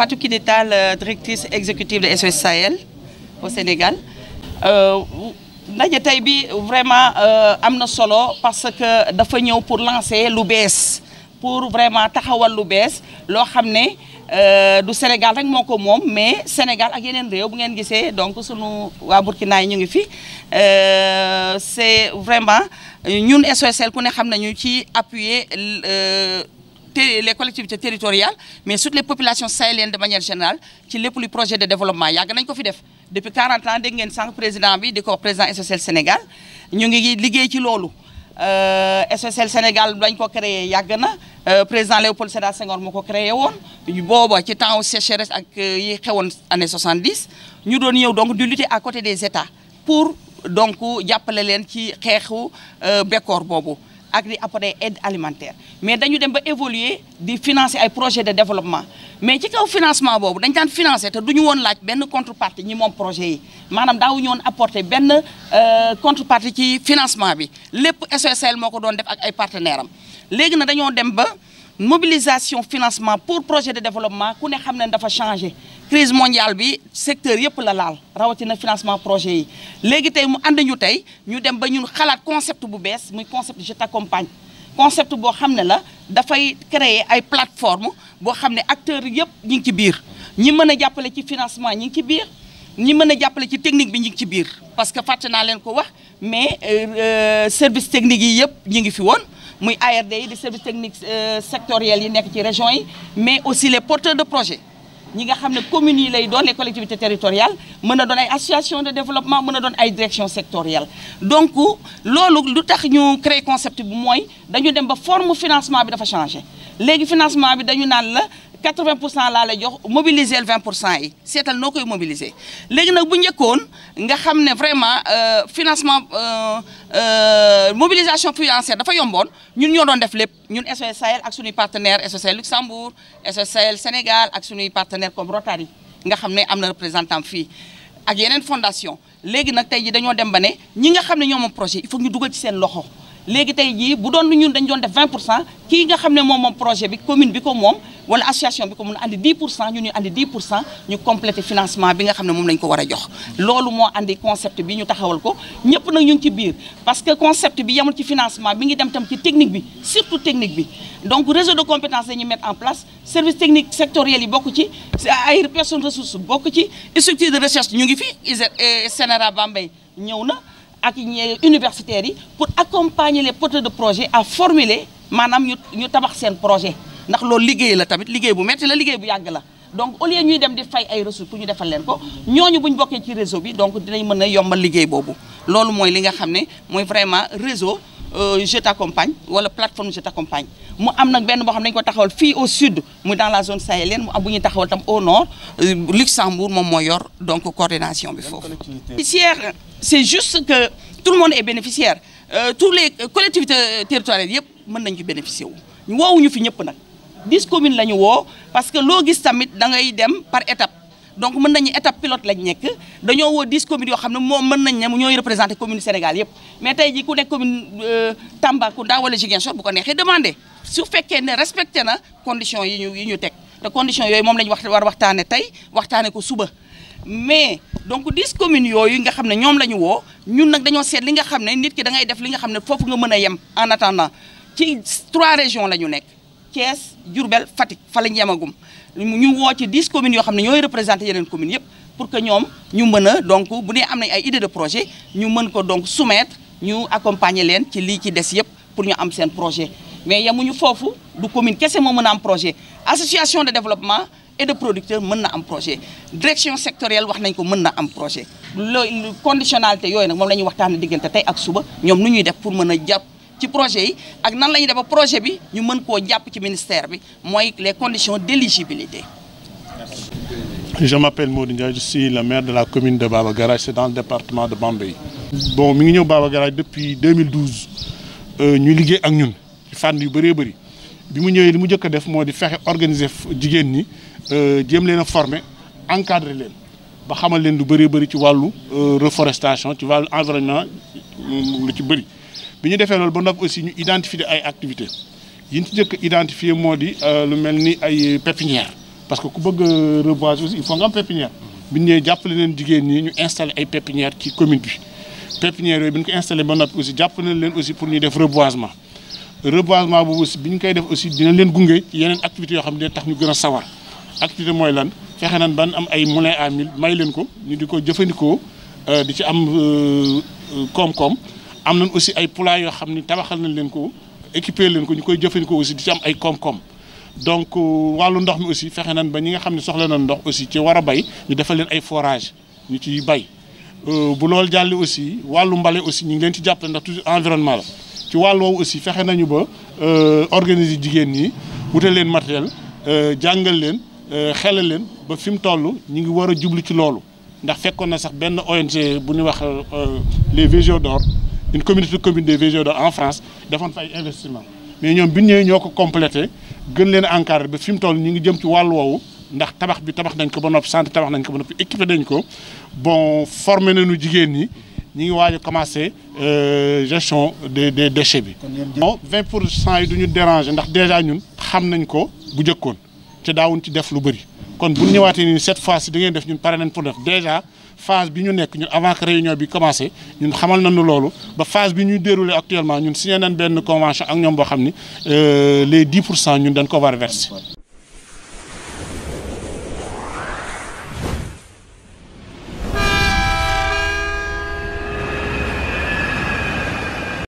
Fatou Kidita la euh, directrice exécutive de SOS Sahel Sénégal euh, ndaje tey bi vraiment euh, am na solo parce que dafa ñëw pour lancer lu bees pour vraiment taxawal lu bees loo xam ne du Sénégal rek moo ko moom mais Sénégal ak yeneen réew bu ngeen gisee donc sunu waa Burkina yi ñu ngi fi c'est vraiment ñu SOS Sahel ku ne xam nañu ci appuyer. te les collectivités territoriales mais sur les populations sahéliennes de manière générale ci lépp luy projet de développement yàgg nañ ko fi def depuis 40 ans dégg ngeen sànq président bi di ko wax président SOSL Sénégal ñu ngi liggéey ci loolu euh, SOSL Sénégal dañ ko créé yàgg na euh, président Léopold Sédar Senghor moo ko créé woon booba ci temps sécheresse ak euh, i xewoon année 70 ñu doon ñëw donc di lutter à côté des états pour donc jàppale leen ci xeexu bekkoor boobu ak di apporter aide alimentaire mais dañu dem ba évoluer di financer ay projet de développement mais ci kaw financement boobu dañ daan financer te du ñu woon laaj benn contrepartie ñi moom projet yi maanaam daawuñu woon apporter benn euh, contrepartie ci financement bi lépp SOSL moo ko doon def ak ay partenaires am léegi na dañoo dem ba mobilisation financement pour projet de développement ku ne xam ne dafa changer crise mondial bi secteur yëpp la laal rawatina financement projet yi léegi tey mu ànd ñu tey ñu dem ba ñun xalaat concept bu bees muy concept je t'accompagne concept boo xam ne la dafay créer ay plateforme boo xam ne acteurs yëpp ñi ngi ci biir ñi mën a jàppale ci financement ñi ngi ci biir ñi mën a jàppale ci technique bi ñi ngi ci biir parce que fàtte naa leen ko wax mais euh, euh, service technique yi yëpp ñi ngi fi woon muy ARD yi di service technique euh, sectoriel yi nekk ci région yi mais aussi les porteurs de projet ñi nga xam ne commune yi lay doon les collectivités territoriales mën na doon ay association de développement mën na doon ay direction sectorielle donc loolu lu tax ñu créer concept bi mooy dañu dem ba form financement bi dafa changé léegi financement bi dañu naan la 80 pour cent laa la jox mobiliser 20 pour cent yi seetal noo koy mobiliser léegi nag bu njëkkoon nga xam ne vraiment euh, financement euh, euh, mobilisation financière dafa yomboon ñun ñoo doon def lépp ñun SOS Sahel ak suñuy partenaire SOS Sahel Luxembourg SOS Sénégal ak sunuy partenaire comme Rotary nga xam ne am na représentant fii ak yeneen fondation léegi nag tey ji dañoo dem ba ne ñi nga xam ne ñoo moom projet il faut ñu dugal ci seen loxo léegi tey jii bu doon ñun dañ doon de 20 pour cent kii nga xam ne moom moom projet bi commune bi ko moom wala association bi ko mun andi 10 pour cent ñun ñu andi financement bi nga xam ne moom lañ ko war a jox loolu moo andi concept bi ñu taxawal ko ñëpp nag ñu ngi ci biir parce que concept bi yemul ci financement bi ngi dem tam ci technique bi surtout technique bi donc réseau de compétences dañuy mettre en place service technique sectoriel yi bokk ci ay personnes ressources bokk ci structure de recherche ñu ngi fi ISRA Sénéra Bambey ñëw na ak universitaires yi pour accompagner le porteurs de projet à formuler maanaam ñu ñu tabax seen projet ndax loolu liggéey la tamit liggéey bu metti la liggéey bu yàgg la donc au lieu ñuy dem di fay ay ressources pour ñu defal leen ko ñooñu bu bokkee ci réseau bi donc dinañ mën a yomba liggéey boobu loolu mooy li nga xam ne mooy vraiment réseau Euh, je t'accompagne wala plateforme je t'accompagne mu am nag benn boo xam ne ko taxawal fii au sud muy dans la zone sahélienne mu am bu ñuy taxawal tam au nord euh, Luxembourg moom moo yor donc coordination bi foofu. bénéficiaire c'est juste que tout le monde est bénéficiaire euh, tous les collectivités territoriales yëpp mën nañu ci ñu wu woowuñu fi ñëpp nag dix communes la ñu woo parce que loo gis da ngay dem par étape. donc mën nañu étape pilote lañ nekk dañoo woo dix communes yoo xam ne moom mën nañ ne ñooy représenté commune Sénégal yëpp mais tey ji ku nekk commune euh, Tambacounda wala Ziguinchor bu ko neexee demandé su fekkee ne respecté na condition yi ñu yi ñu teg te condition yooyu moom lañu ñu wax war waxtaane tey waxtaane ko suba mais donc dix communes yooyu nga xam ne ñoom la ñu woo ñun nag dañoo seet li nga xam ne nit ki dangay def li nga xam ne foofu nga mën a yem en attendant ci trois régions la ñu nekk Thiès Diourbel Fatick fa lañ ñu woo ci 10 commune yoo xam ne ñooy représenté yeneen communes yëpp pour que ñoom ñu mën a donc bu dee am nañ ay idée de projet ñu mën ko donc soumettre ñu accompagner leen ci lii ci des yëpp pour ñu am seen projet mais yemuñu foofu du commune kese moo mën a am projet association de développement et de producteur mën na am projet direction sectorielle wax nañ ko mën na am projet loolu conditionnalité yooyu nag moom la ñuy waxtaanee diggante tey ak suba ñoom nu def pour mën a jàpp ci projet yi ak nan la ñuy def ba projet bi ñu mën koo jàpp ci ministère bi mooy les conditions d'éligibilité je m'appelle Modou Ndiaye je suis le maire de la commune de Baba Garage c'est dans département de Bambey bon mi ngi ñëw Baba Garage depuis 2012 euh, ñu liggéey ak ñun ci fànn yu bëree bëri bi mu ñëwee li mu njëkk a def moo di fexe organiser jigéen ñi euh, jéem leen a former encadrer leen ba xamal leen lu bëree bëri ci wàllu euh, reforestation ci wàllu environnement lu ci bëri bi ñu defee loolu ba noppi aussi ñu identifier ay activités yi ñu ci njëkk identifier moo di euh, lu mel ni ay pépinière parce que ku bëgg reboiser aussi il faut nga am pépinière bi ñu ñëwee jàppale leen jigéen ñi ñu installé ay pépinière ci commune bi pépinière yooyu bi ñu ko installé ba noppi aussi jàpp nañ leen aussi pour ñu def reboisement reboisement boobu aussi bi ñu koy def aussi dina leen gunge ci yeneen activités yoo xam ne tax ñu gën a sawar activité mooy lan fexe nan ban am ay moulin à may leen ko ñu di ko euh, di ci am euh, koom am nañ aussi ay poulailler yoo xam ni tabaxal nañ leen ko équipé leen ko ñu koy jëfandikoo aussi di ci am ay koom-koom donc euh, wàllu ndox mi aussi fexe nañ ba ñi nga xam ne soxla na ndox aussi ci war a bay ñu defal leen ay forage ñu ci bay euh, bu loolu jàllee aussi wàllu mbale aussi ñu ngi leen ci jàppale ndax toujours environnement la ci wàllu woowu aussi fexe nañu ba euh, organiser jigéen ñi wutal leen matériel jàngal leen xelal leen ba fi mu toll ñu ngi war a jublu ci loolu ndax fekkoon na sax benn ONG bu ñuy wax les Végéos d'or une communauté commune des VGO en France defoon fa ay investissement mais ñoom bi ñëwee ñoo ko complété gën leen a ba fi mu toll ñu ngi jëm ci wàllu woowu ndax tabax bi tabax nañ ko ba noppi centre tabax nañ ko ba noppi équipé dañ ko bon formé nañu jigéen ñi ñu ngi waaj a commencé euh, gestion des des déchets bi. bon 20 pour cent yi du ñu déranger ndax déjà ñun xam nañ ko bu njëkkoon te daawuñ ci def lu bëri kon bu ñëwaatee nii cette fois ci da def ñun pare nañ pour def phase bi ñu nekk ñu avant que réunion bi commencé ñun xamal nañu loolu ba phase bi ñuy déroulé actuellement ñun signé nañ benn convention ak ñoom boo xam ni euh, les 10 pour cent ñun dañ ko war a verser